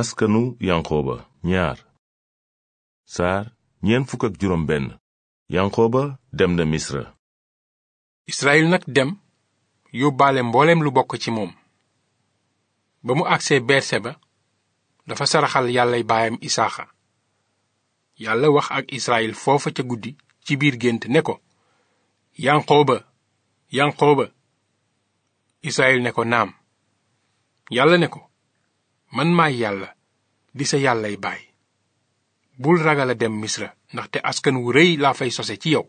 askanu yanqooba ñaar saar ñeent fukk yanqooba dem na misra israel nag dem yóbbaale mbooleem lu bokk ci moom ba mu agsee berseba dafa saraxal yàllay baayam isaaxa yàlla wax ak israel foofa ca guddi ci biir gént ne ko yanqooba yanqooba israel ne ko naam yàlla ne ko man maay yàlla di sa yàllay baay bul ragal a dem misra ndaxte askan wu rëy laa fay sose ci yow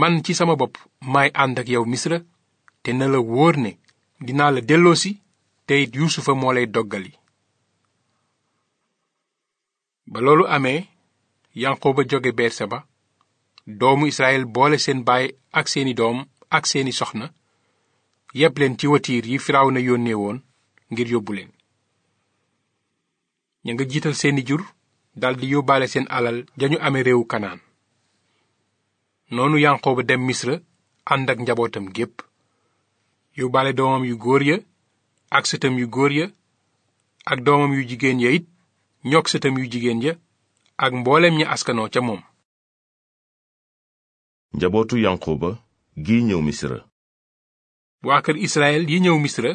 man ci sama bopp maay ànd ak yow misra te na la wóor ne dinaa la delloosi te it yuusufa moo lay doggali ba loolu amee yanqooba jóge berseba doomu israel boole seen baay ak seeni doom ak seeni soxna yeb leen ci watiir yi firaaw na yónnee woon ngir yóbbu leen nga jiital seeni jur daldi yóbbaale seen alal jañu amee réewu kanaan noonu yanqooba dem misra ànd njabootam gépp yóbbaale doomam yu góor ya ak yu góor ya ak doomam yu jigéen ya it yu jigéen ya ak mboolem ña askanoo ca moom njabootu yanqooba gi ñëw misra waa kër israel yi ñëw misra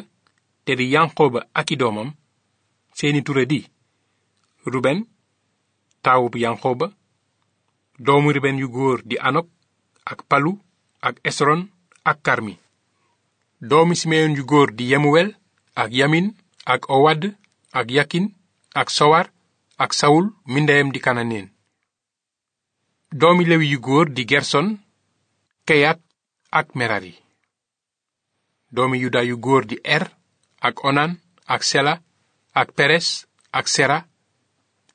te di yanqooba ak i doomam seeni tura di ruben taawub yanqooba doomu ruben yu góor di anok ak palu ak esron ak karmi doomi simeyon yu góor di yemuwel ak yamin ak owadd ak yakin ak sowar ak sawul mi ndeyam di kananeen doomi lewi yu góor di gerson keyat ak merari doomi yuda yu góor di er ak onan ak sela ak peres ak sera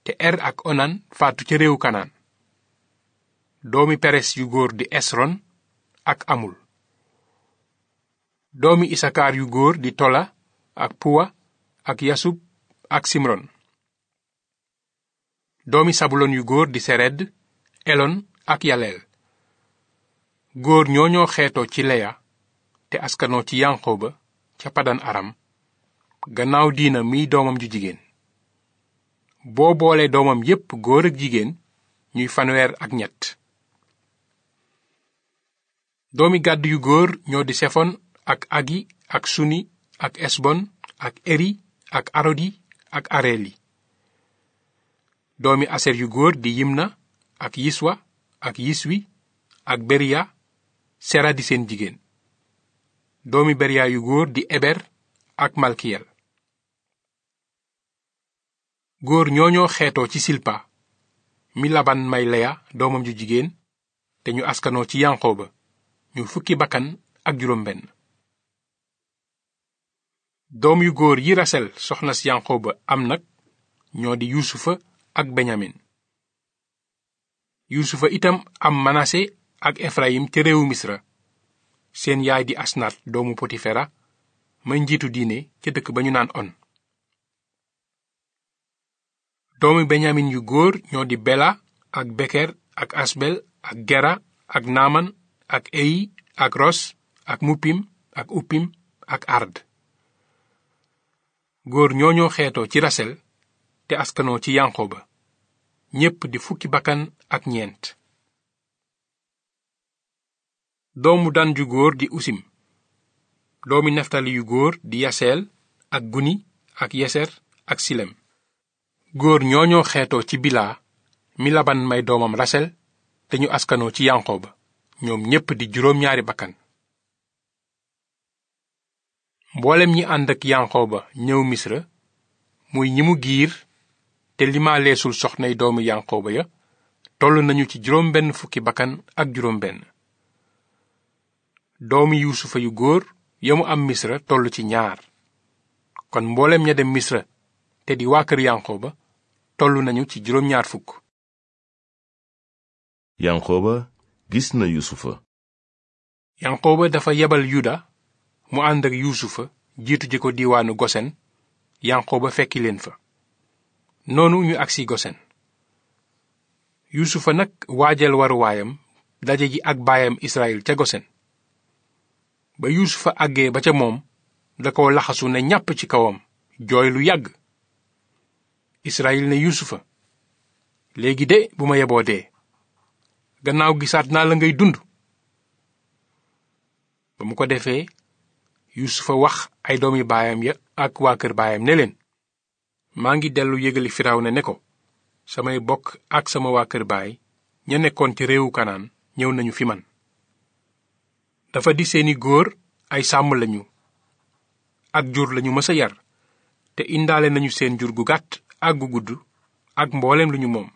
te er ak onan faatu ca réewu kanaan doomi peres yu góor di esron ak amul doomi isakaar yu góor di tola ak puwa ak yasub ak simron doomi sabulon yu góor di sered elon ak yaleel góor ñoo ñoo xeetoo ci leya te askanoo ci ba ca padan aram gannaaw diina miy doomam ju jigéen boo boolee doomam yépp góor ak jigéen ñuy fanweer ak ñett doomi gàdd yu góor ñoo di sefon ak agi ak suni ak esbon ak eri ak arodi ak areli doomi aser yu góor di yimna ak yiswa ak yiswi ak beriya sera di seen jigéen doomi beriya yu góor di eber ak malkiyel góor ñooñoo xeetoo ci silpa mi laban doomam ju jigéen te ñu askanoo ci yanqooba ñu fukki bakkan ak juróom doom yu góor yi rasel soxna si yanqooba am nag ñoo di yuusufa ak benyamin yuusufa itam am manase ak efrayim ca réewu misra seen yaay di asnaat doomu potifera may njiitu diine ca dëkk ba ñu naan on doomi benyamin yu góor ñoo di bela ak beker ak asbel ak gera ak naaman ak eyi ak ros ak muppim ak uppim ak ard góor ñoo ñooñoo xeetoo ci rasel te askanoo ci ba ñépp di fukki bakkan ak ñeent doomu dan yu góor di usim doomi naftali yu góor di yaseel ak guni ak yeser ak silem góor ñoo ñooñoo xeetoo ci bilaa mi laban may doomam rasel te ñu askanoo ci yanqooba ñoom ñépp di juróom ñaari bakkan mboolem ñi ànd ak ba ñëw misra muy ñi mu giir te limaaleesul soxnay doomu ba ya toll nañu ci juróom benn fukki bakkan ak juróom benn doomi yuusufa yu góor ya mu am misra toll ci ñaar kon mboolem ña dem misra te di waa kër ba tollu nañu ci juróom ñaar fukk yanqooba gis na yuusufa yanqooba dafa yabal yuda mu ànd ak yuusufa jiitu ji ko diwaanu gosen yanqooba fekki leen fa noonu ñu agsi gosen yuusufa nag waajal waruwaayam daje ji ak baayam israel ca gosen ba yuusufa àggee ba ca moom da ko laxasu ne ñàpp ci kawam jooy lu yàgg israyil ne yuusufa léegi de bu ma yeboo dee gannaaw gisaat naa la ngay dund ba mu ko defee yuusufa wax ay doomi baayam ya ak waa kër baayam ne leen maa ngi dellu yëgali firaw ne ne ko samay bokk ak sama waa kër baay ña nekkoon ci réewu kanaan ñëw nañu fi man dafa di seeni góor ay sàmm lañu ak jur lañu mës a yar te indaale nañu seen jur gu gàtt ak gu gudd ak mboolem lu ñu moom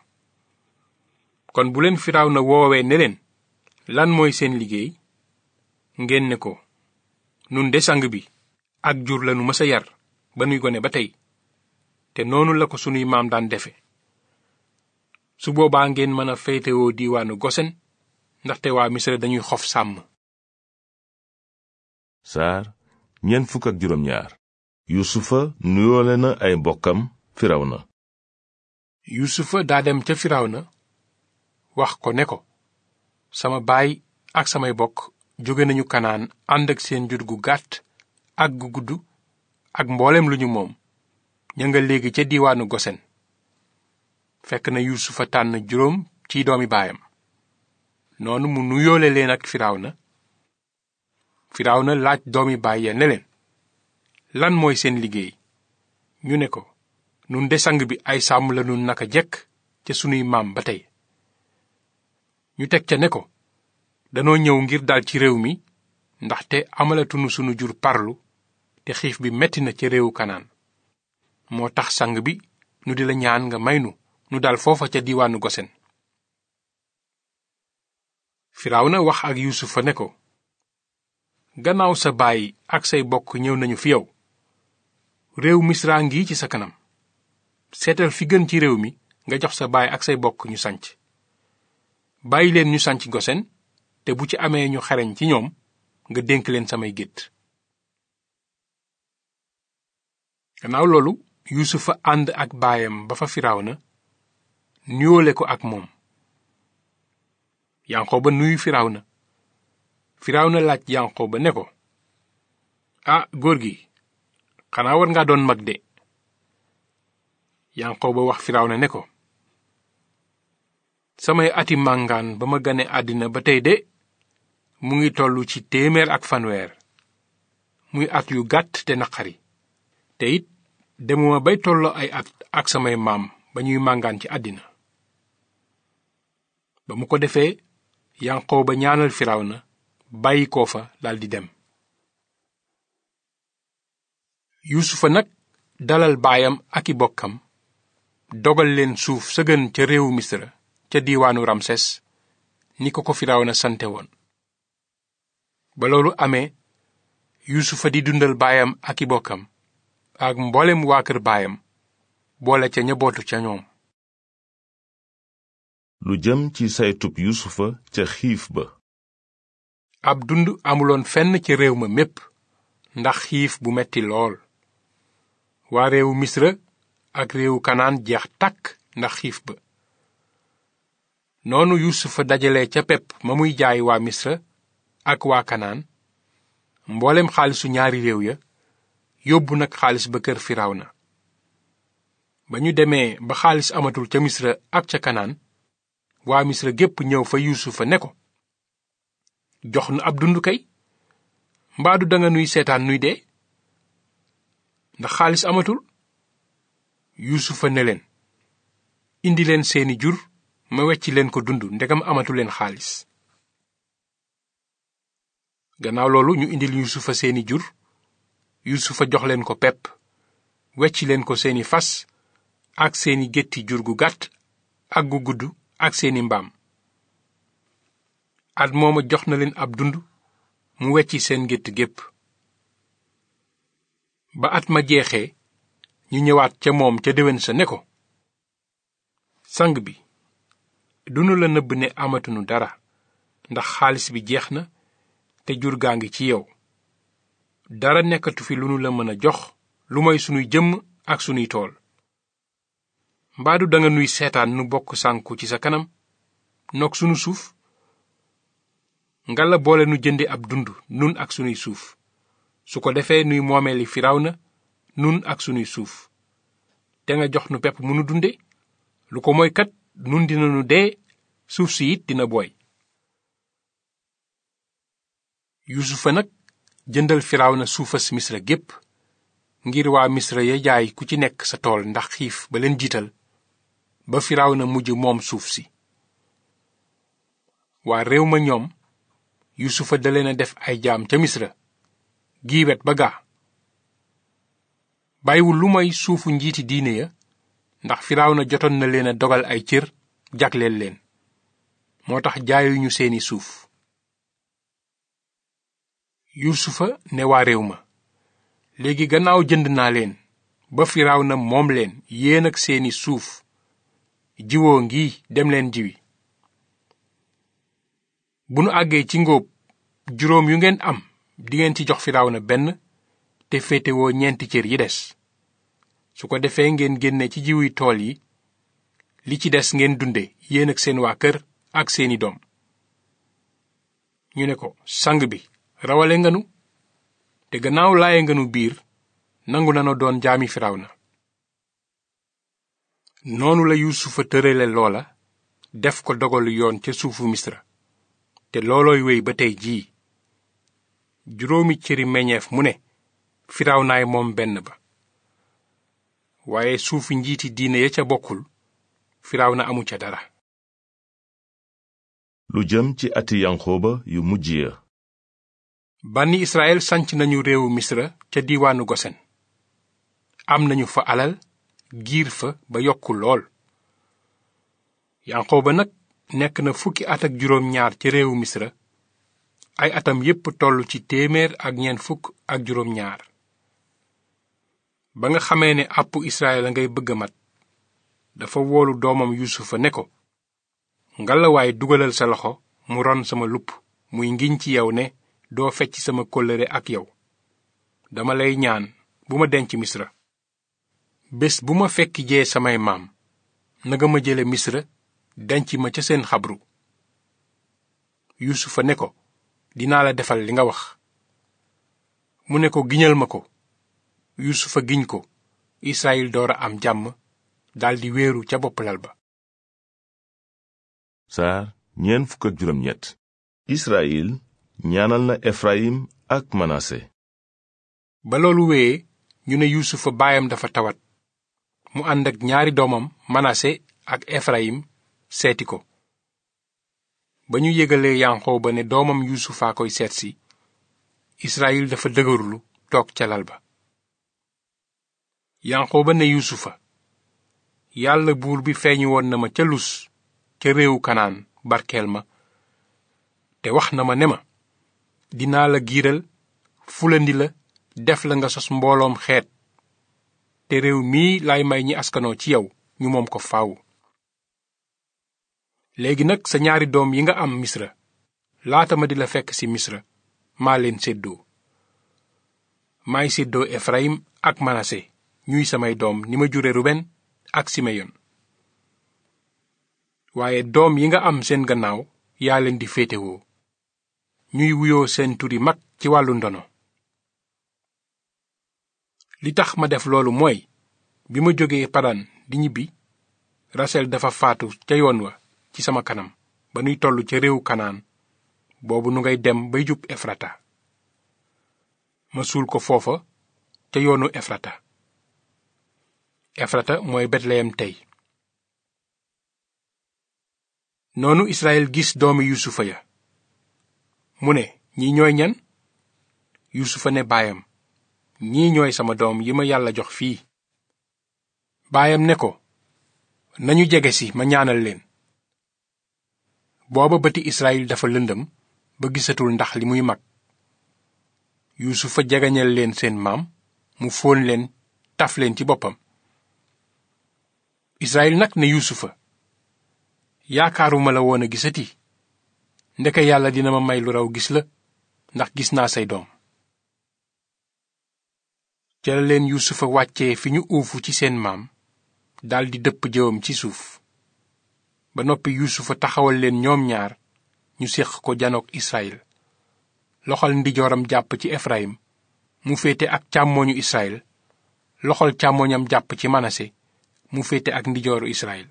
kon bu leen firaaw na woowee ne leen lan mooy seen liggéey ngeen ne ko nun de sang bi ak jur lanu mës a yar ba nuy gone ba tey te noonu la ko sunuy maam daan defe su boobaa ngeen mën a féetewoo diiwaanu gosen ndaxte waa misra dañuy xof sàmm saar ñeent fukk ak juróom ay mbokkam firawna yusufa daa dem ca firawna wax ko ne ko sama baay ak samay bokk jóge nañu kanaan ànd ak seen jur gu gàtt ak gu gudd ak mboolem lu ñu moom ña nga léegi ca diiwaanu gosen fekk na yuusufa tànn juróom ci doomi baayam noonu mu nuyoole leen ak firawna na laaj doomi baay ya ne leen lan mooy seen liggéey ñu ne ko nun de sang bi ay sàmm lanu naka jekk ca sunuy maam ba tey ñu teg ca ne ko danoo ñëw ngir dal ci réew mi ndaxte amalatunu sunu jur parlu te xiif bi metti na ca réewu kanaan moo tax sang bi nu di la ñaan nga maynu nu nu dal foofa ca diiwaanu gosen na wax ak yuusufa ne ko gannaaw sa baay ak say bokk ñëw nañu fi yow réew misra ngi ci sa kanam seetal fi gën ci réew mi nga jox sa baay ak say bokk ñu sanc bàyyi leen ñu sanc gosen te bu ci amee ñu xareñ ci ñoom nga dénk leen samay gétt gannaaw loolu yuusufa ànd ak baayam ba fa na nuyoole ko ak moom yanqooba nuyu firawna firawna laaj yanqooba ne ko ah góor gi xanaa war ngaa doon mag de ba wax na ne ko samay ati màngaan ba ma gane àddina ba tey de mu ngi tollu ci téeméer ak fanweer muy at yu gàtt te naqari te it demuma bay tolloo ay at ak samay maam ba ñuy màngaan ci àddina ba mu ko defee ba ñaanal na bàyyi koo fa daldi dem yuusufa nag dalal baayam ak dogal leen suuf sa gën ca réewu misra ca diiwaanu ramses ni ko ko firawna sante woon ba loolu amee yuusufa di dundal baayam ak i bokkam ak mboolem waa kër baayam boole ca ña bootu ca ñoom lu jëm ci saytub yuusufa ca xiif ba ab dund amuloon fenn ci réew ma mépp xiif bu metti lool waa misra ak réewu kanaan jeex tàkk ndax xiif ba noonu yuusufa dajale ca pepp ma muy jaay waa misra ak waa kanaan mboolem xaalisu ñaari réew ya yóbbu nag xaalis ba kër na ba ñu demee ba xaalis amatul ca misra ak ca kanaan waa misra gépp ñëw fa yuusufa ne ko jox nu ab dund kay mbaadu danga nuy seetaan nuy dee ndax xaalis amatul yuusufa ne leen indi leen seeni jur ma wecci leen ko dund ndegam amatu leen xaalis gannaaw loolu ñu indil yuusufa seeni jur yuusufa jox leen ko pepp wecci leen ko seeni fas ak seeni gétti jur gu gàtt ak gu gudd ak seeni mbaam at mooma jox na leen ab dund mu wecci seen gétt gépp ba at ma jeexee ñu ñëwaat ca moom ca déwén sa ne ko sang bi dunu la nëbb ne amatunu dara ndax xaalis bi jeex na te jur gaa ngi ci yow dara nekkatu fi lu nu la mën a jox lu moy sunuy jëmm ak sunuy tool mbaadu danga nuy seetaan nu bokk sànku ci sa kanam noog sunu suuf nga la boole nu jënde ab dund nun ak sunuy suuf su ko defee nuy moomeeli na nun ak sunuy suuf te nga jox nu pepp mu nu dunde lu ko mooy kat nun dinanu dee suuf si dina booy yusufa nag jëndal na suufas misra gépp ngir waa misra ya jaay ku ci nekk sa tool ndax xiif ba leen jiital ba na mujj moom suuf si waa réew ma ñoom yusufa da leen a def ay jaam ca misra giiwet ba gaa bàyyiwul lu may suufu njiiti diine ya ndax Firawna jotoon na leen a dogal ay cër jagleel leen moo tax jaayuñu seeni suuf yusufa ne waa réew ma léegi gannaaw jënd naa leen ba na moom leen yéen ak seeni suuf jiwoo ngi dem leen jiwi bu nu àggee ci ngóob juróom yu ngeen am dingeen ci jox na benn te féetewoo ñeenti cër yi des su ko defee ngeen génne ci jiwi tool yi li ci des ngeen dunde yéen ak seen waa kër ak seeni doom ñu ne ko sang bi rawale nga nu te gannaaw laaye nga biir nangu nanu doon jaami na noonu la Yuusufa tërale loola def ko dogalu yoon ca suufu Misra te loolooy wéy ba tey jii juróomi cëri meññeef mu ne firawnaay moom benn ba waaye suufu njiiti diine ya ca bokkul firaw na amu ca dara jëm ci ati yanxooba yu mujj ya banni israel nañu réewu misra ca diiwaanu gosen am nañu fa alal giir fa ba yokku lool yanxooba nag nekk na fukki at ak misra ay atam yépp toll ci téeméer ak ba nga xamee ne àpp Israyil a ngay bëgg a mat dafa woolu doomam Yuusufa ne ko ngalawaay dugalal sa loxo mu ron sama lupp muy ngiñ ci yow ne doo fecc sama kóllëre ak yow dama lay ñaan bu ma denc misra bés bu ma fekk jee samay maam nanga ma jële misra denc ma ca seen xabru yuusufa ne ko dinaa la defal li nga wax mu ne ko giñal ma ko yusufa giñ ko israyil door am jàmm daldi wéeru ca bopp lal ba saar ñeent fukk ak juróom ñett israyil ñaanal na efrayim ak manase ba loolu wéyee ñu ne yuusufa baayam dafa tawat mu ànd ak ñaari doomam manase ak efrayim seeti ko ba ñu yégalee yanqoo ba ne doomam yuusufaa koy seetsi israyil dafa dëgërulu toog ca lal ba yanqooba ne yusufa yàlla buur bi feeñu woon na ma ca lus ca réewu kanaan barkeel ma te wax na ma ne ma dinaa la giiral fulandi la def la nga sos mbooloom xeet te réew mii laay may ñi askanoo ci yow ñu moom ko faw léegi nag sa ñaari doom yi nga am misra laata ma di la fekk ci misra maa leen séddoo maay seddoo efraim ak manase ñuy samay doom ni ma jure Ruben ak Simeyon waaye doom yi nga am seen gannaaw yaa leen di féetewoo ñuy wuyoo seen turi mag ci wàllu ndono li tax ma def loolu mooy bi ma jógee Padan di ñibbi Rasel dafa faatu ca yoon wa ci sama kanam ba nuy tollu ca réewu Kanaan boobu nu ngay dem bay jub Efrata ma suul ko foofa ca yoonu Efrata efrata mooy betleyem tey noonu israel gis doomi yuusufa ya mu ne ñi ñooy ñan yuusufa ne baayam ñii ñooy sama doom yi ma yàlla jox fii baayam ne ko nañu jege si ma ñaanal leen booba bëti israel dafa lëndëm ba gisatul ndax li muy mag yuusufa jegañal leen seen maam mu fóon leen taf leen ci boppam Israyil nag ne Yuusufa yaakaaruma la woon a gisati ndeke yàlla dina ma may lu raw gis la ndax gis naa say doom ca la leen Yuusufa wàccee fi ñu uufu ci seen maam daldi dëpp jëwam ci suuf ba noppi Yuusufa taxawal leen ñoom ñaar ñu séq ko janook Israyil loxol ndijooram jàpp ci Efrayim mu féete ak càmmooñu Israyil loxol càmmooñam jàpp ci Manase mu féete ak ndijooru Israyil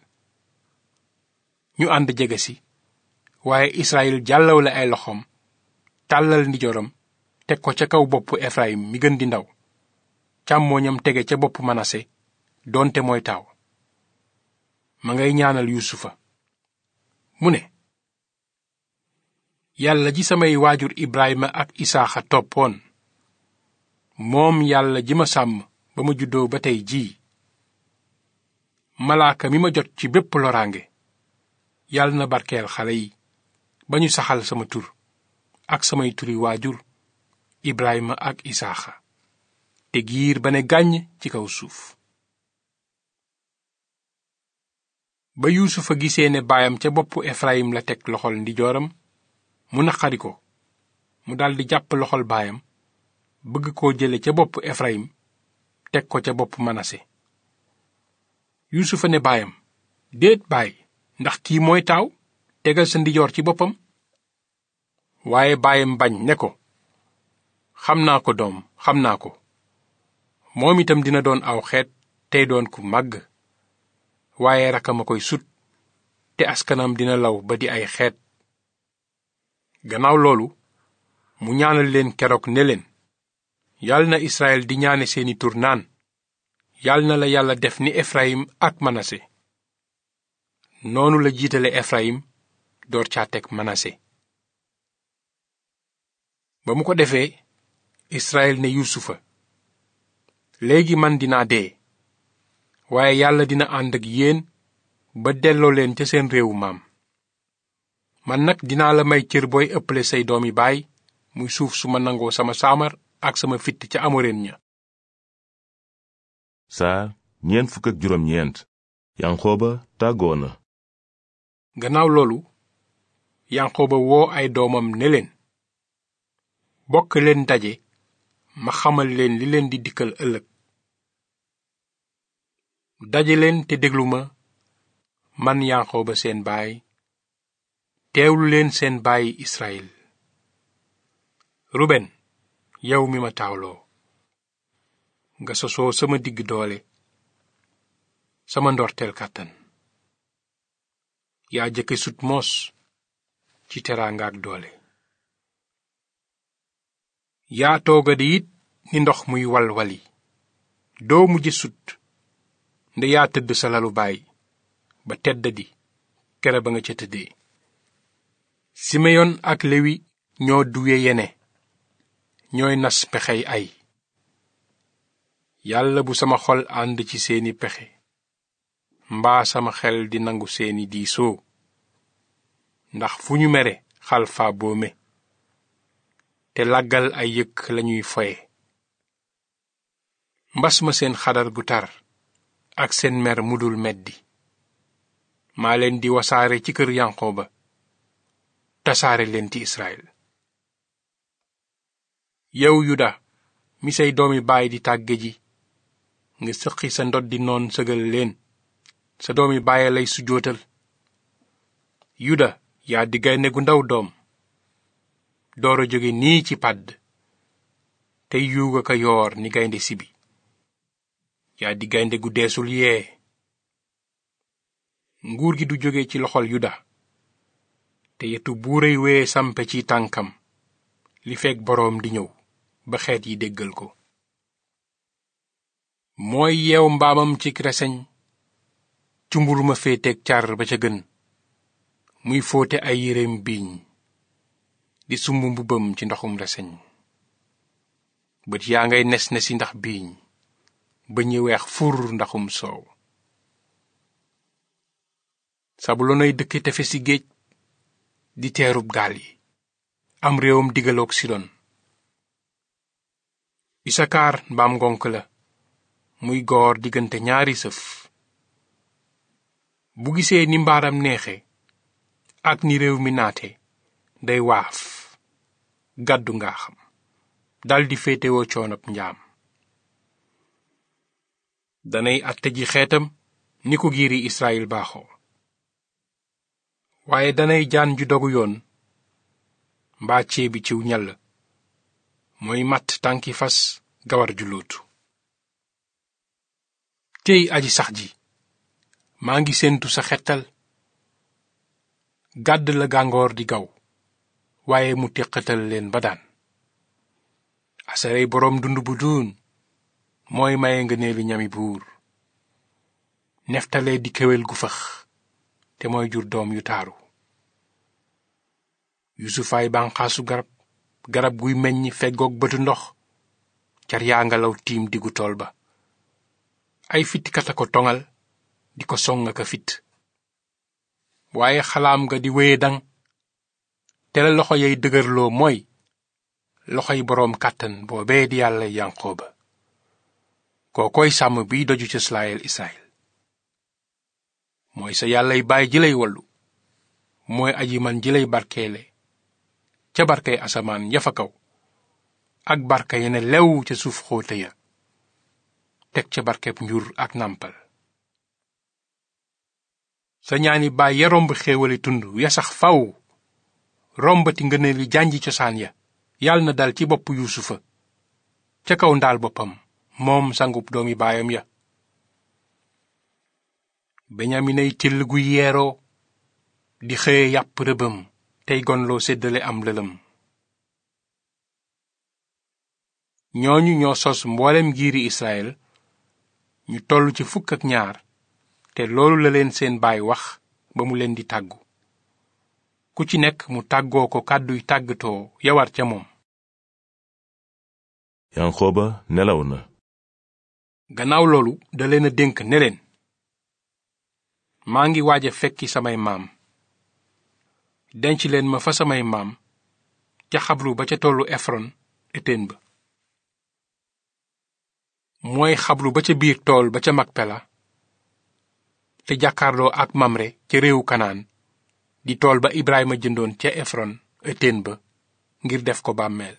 ñu ànd jege si waaye Israyil jàllawle ay loxoom tàllal ndijooram teg ko ca kaw boppu Efraim mi gën di ndaw càmmooñam tege ca boppu Manase doonte mooy taaw ma ngay ñaanal Yuusufa mu ne yàlla ji samay waajur Ibrahima ak Isaaxa toppoon moom yàlla ji ma sàmm ba ma juddoo ba tey jii malaaka mi ma jot ci bépp loraange yàlla na barkeel xale yi ba ñu saxal sama tur ak samay turi waajur Ibrahima ak Isaaxa te giir ba ne gàññ ci kaw suuf ba yuusufa gisee ne baayam ca boppu Efrayim la teg loxol ndijooram mu naqari ko mu daldi jàpp loxol baayam bëgg koo jële ca boppu Efrayim teg ko ca bopp Manase yuusufa ne baayam déet baay ndax kii mooy taaw tegal sa ndijoor ci boppam waaye baayam bañ ne ko xam naa ko doom xam naa ko moom itam dina doon aw xeet tey doon ku màgg waaye rakkam a koy sut te askanam dina law ba di ay xeet gannaaw loolu mu ñaanal leen keroog ne leen yàlla na Israël di ñaane seeni turnaan yal na la yàlla def ni efrayim ak manase noonu la jiitale efrayim door caa teg manase ba mu ko defee israel ne yuusufa léegi man dinaa dee waaye yàlla dina ànd ak yéen ba delloo leen ca seen réewu maam man nag dinaa la may cër booy ëppale say doomi baay muy suuf su ma nangoo sama saamar ak sama fitt ca amoreen ña saa ñeent fukk ak juróom tàggoo na gannaaw loolu yanqooba woo ay doomam neleen leen bokk leen daje ma xamal leen li leen di dikkal ëllëg daje leen te déglu ma man yanqooba seen baay teewlu leen seen baay Israyil Ruben yow mi ma taawloo nga sosoo sama digg doole sama ndorteel kàttan yaa jëkke sut moos ci teraanga ak doole yaa tooga it ni ndox muy walwali doo mujj sut nde tëdd sa lalu baay ba tedd di ba nga ca tëddee simeyon ak lewi ñoo duwe yene ñooy nas pexey ay yàlla bu sama xol ànd ci seeni pexe mbaa sama xel di nangu seeni diisoo ndax fu ñu mere xalfa boome te làggal ay yëkk lañuy foye mbas ma seen xadar gu tar ak seen mer mu mudul meddi maa leen di wasaare ci kër ba tasaare leen ci Israël yow yuda di tàgge ji nga sëqi sa ndod di noon sëgal leen sa doomi bàyyi lay sujootal yuda yaa di gaynde gu ndaw doom dooro jóge nii ci pàdd te yuuga ka yoor ni gaynde sibi yaa di gaynde gu deesul yee nguur gi du jóge ci loxol yuda te yetu buuray wee sampe ci tànkam li fekk boroom di ñëw ba xeet yi déggal ko mooy yeew mbaamam ci reseñ cumbul ma féeteeg car ba ca gën muy fóote ay yéreem biiñ di sumb mbubbam ci ndoxum reseñ bët yaa ngay nes ne si ndax biiñ ba ñi weex fur ndaxum soow sabuloonay dëkki tefe si géej di teerub gaal yi am réewam digaloog sidon isakaar mbaam ngonk la muy goor diggante ñaari sëf bu gisee ni mbaaram neexe ak ni réew mi naate day waaf gàddu nga daldi féetewoo coonab njaam danay àtte ji xeetam ni ko giiri Israyil baaxoo waaye danay jaan ju dogu yoon mbaa ceebi ciw ñall mooy matt tànki fas gawar ju luutu tey aji sax ji maa ngi séentu sa xettal gàdd la gàngoor di gaw waaye mu téqatal leen ba daan asarey boroom dund bu duun mooy maye nga neeli ñami buur neftale di kéwél gu fëx te mooy jur doom yu taaru yusufaay banqaasu garab garab guy meññ feggoog bëtu ndox car yaa ngalaw tiim diggu tool ba ay fittikat a ko toŋal di ko song ak a fit waaye xalaam nga di wéye dang te la loxo yay dëgërloo mooy loxo yi boroom kàttan boobee di yàlla yanqooba kookooy sàmm biy doju ci slayel israel mooy sa yàllay baay ji lay wallu mooy aji man ji lay barkeele ca barkay asamaan ya fa kaw ak barka ne lew ca suuf xóote ya teg ca barkeb njur ak nàmpal sa ñaani baay ya romb xéewali tund ya sax faw rombati ngëneeli jànj cosaan ya yàlla na dal ci bopp yuusufa ca kaw ndaal boppam moom sangub doomi baayam ya beñaminay till gu yeeroo di xëye yàpp rëbam tey loo séddale am lëlëm ñooñu ñoo sos mboolem giiri Israël ñu toll ci fukk ak ñaar te loolu la leen seen baay wax ba mu leen di tàggu ku ci nekk mu tàggoo ko kàdduy tàggatoo yawar ca moom ba nelaw na gannaaw loolu da leen a dénk ne leen maa ngi waaja fekki samay maam denc leen ma fa samay maam ca xabru ba ca tollu efron eteen ba mooy xablu ba ca biir tool ba ca Makpela te jàkkaarloo ak Mamre ca réewu Kanaan di tool ba Ibrahima jëndoon ca Efron ëtteen ba ngir def ko bàmmeel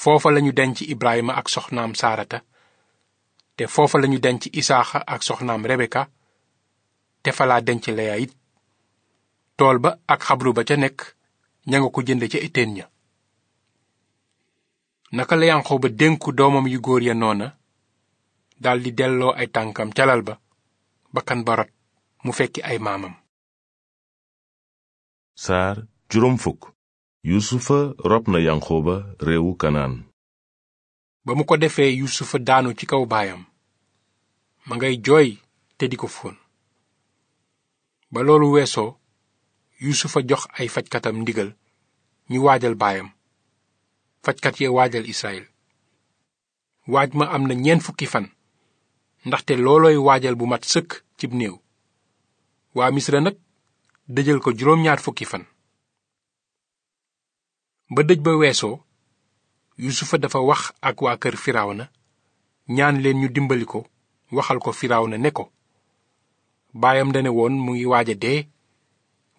foofa lañu denc Ibrahima ak soxnaam Saarata te foofa lañu denc Isaaxa ak soxnaam Rebeka te fa laa denc Leya it tool ba ak xablu ba ca nekk ña nga ko jënd ca ëtteen ña naka la ba dénku doomam yu góor ya noona daldi delloo ay tànkam ca lal ba bakkan ba rot mu fekki ay maamam saar juróom fukk réewu Kanaan ba mu ko defee yuusufa daanu ci kaw baayam ma ngay jooy te di ko fóon ba loolu weesoo yuusufa jox ay fajkatam ndigal ñu waajal baayam fajkat yee waajal Israël waaj ma am na ñeent fukki fan ndaxte loolooy waajal bu mat sëkk cib néew waa misra nag dëjal ko juróom-ñaar fukki fan ba dëj ba weesoo yusufa dafa wax ak waa kër na ñaan leen ñu dimbali ko waxal ko na ne ko baayam dane woon mu ngi waaj a dee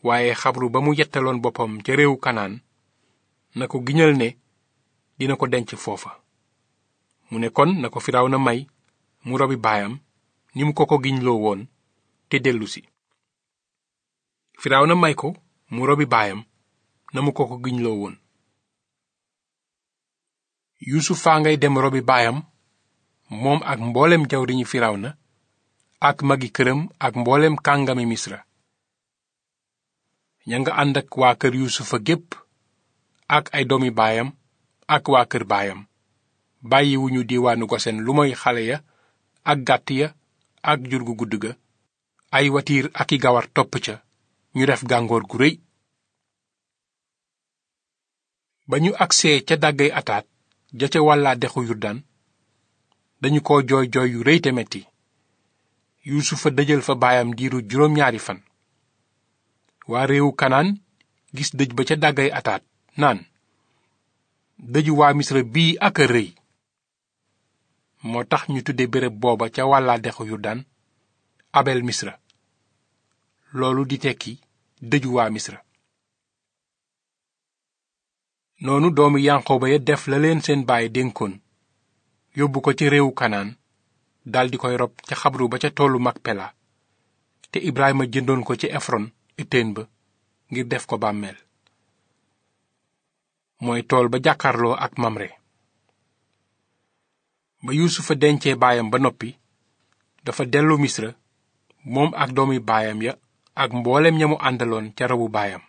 waaye xabru ba mu yettaloon boppam ca réew kanaan na ko giñal ne dina ko denc foofa mu ne kon na ko firaaw na may mu robi baayam ni mu ko ko giñloo woon te dellusi firaaw na may ko mu robi baayam na mu ko ko giñloo woon yuusuf faa ngay dem robi baayam moom ak mboolem jawriñu firaaw na ak magi këram ak mbooleem kàngami misra ña nga ànd ak waa kër yuusufa gépp ak ay doomi baayam ak waa kër baayam bàyyiwuñu diiwaanu gosen lu moy xale ya ak gàtt ya ak jur gu gudd ga ay watiir ak i gawar topp ca ñu def gàngoor gu rëy ba ñu agsee ca dàggay ataat ja ca wàllaa dexu yurdaan dañu ko jooy jooy yu rëy te metti yuusufa dëjal fa baayam diiru juróom-ñaari fan waa réewu kanaan gis dëj ba ca dàggay ataat naan dëju waa bii ak moo tax ñu tudde béréb booba ca wàllaa dexu yurdaan abel misra loolu di tekki dëju waa misra noonu doomu yanqooba ya def la leen seen baay dénkoon yóbbu ko ci réewu kanaan daldi koy rob ca xabru ba ca toolu Makpela te Ibrahima jëndoon ko ci Efron ëttéen ba ngir def ko bàmmeel mooy tool ba jàkkaarloo ak Mamre ba yuusufa dencee baayam ba noppi dafa dellu misra moom ak doomi baayam ya ak mboolem ña mu àndaloon ca rabu baayam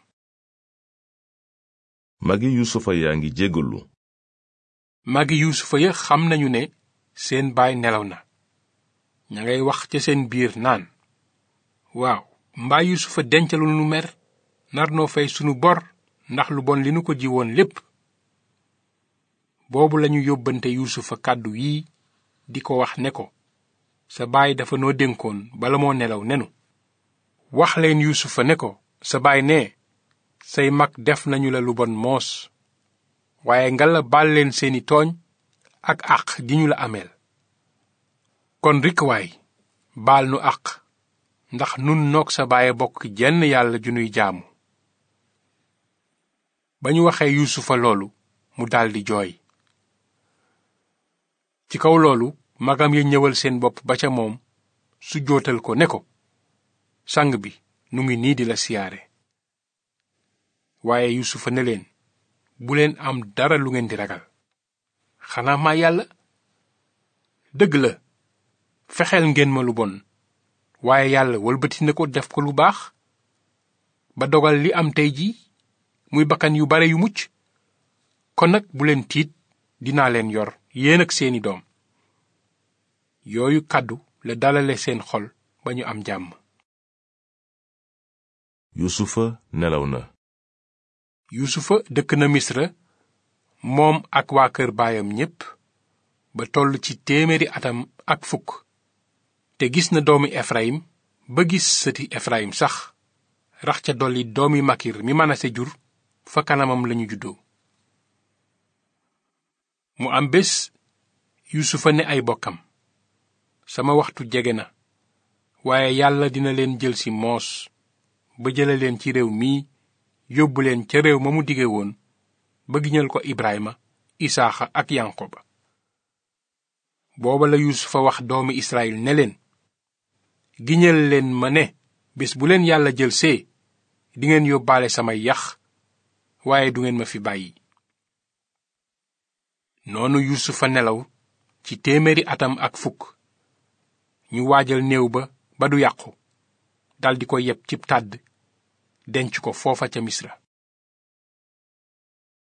magi yuusufa yaa ngi jéggalu magi yuusufa ya xam nañu ne seen baay nelaw na ña ngay wax ca seen biir naan waaw mbaa yuusufa dencalu nu mer nar noo fay sunu bor ndax lu bon li nu ko jiwoon lépp boobu lañu yóbbante yuusufa kàddu yi di ko wax ne ko sa baay dafa noo dénkoon bala moo nelaw nenu wax leen yuusufa ne ko sa baay ne say mag def nañu la lu bon moos waaye ngalla baal leen seeni tooñ ak àq gi ñu la ameel kon rikkwaay baal nu àq ndax nun noog sa baay bokk jenn yàlla ju nuy jaamu ba ñu waxee yuusufa loolu mu daldi jooy ci kaw loolu magam ya ñëwal seen bopp ba ca moom su jóotal ko ne ko sang bi nu ngi nii di la siyaare waaye yuusufa ne leen bu leen am dara lu ngeen di ragal xanaa maa yàlla dëgg la fexeel ngeen ma lu bon waaye yàlla wëlbati na ko def ko lu baax ba dogal li am tey jii muy bakkan yu bare yu mucc kon nag bu leen tiit dinaa leen yor yéen ak seeni doom yooyu kàddu la dalale seen xol ba ñu am jàmm yusufa nelaw na yusufa dëkk na misra moom ak waa kër baayam ñépp ba toll ci téeméeri atam ak fukk te gis na doomi efrayim ba gis sëti efrayim sax rax ca dolli doomi makir mi manase jur fa kanamam lañu mu am bés yusufa ne ay bokkam sama waxtu jege na waaye yàlla dina leen jël si moos ba jële leen ci réew mii yóbbuleen ca réew ma mu dige woon ba giñal ko Ibrahima Isaaxa ak Yanqoba booba la Yuusufa wax doomi Israyil ne leen giñal leen ma ne bés bu leen yàlla jël see dingeen yóbbaale samay yax waaye du ngeen ma fi bàyyi noonu yuusufa nelaw ci téeméeri atam ak fukk ñu waajal néew ba ba du yàqu daldi ko yeb cib tàdd denc ko foofa ca misra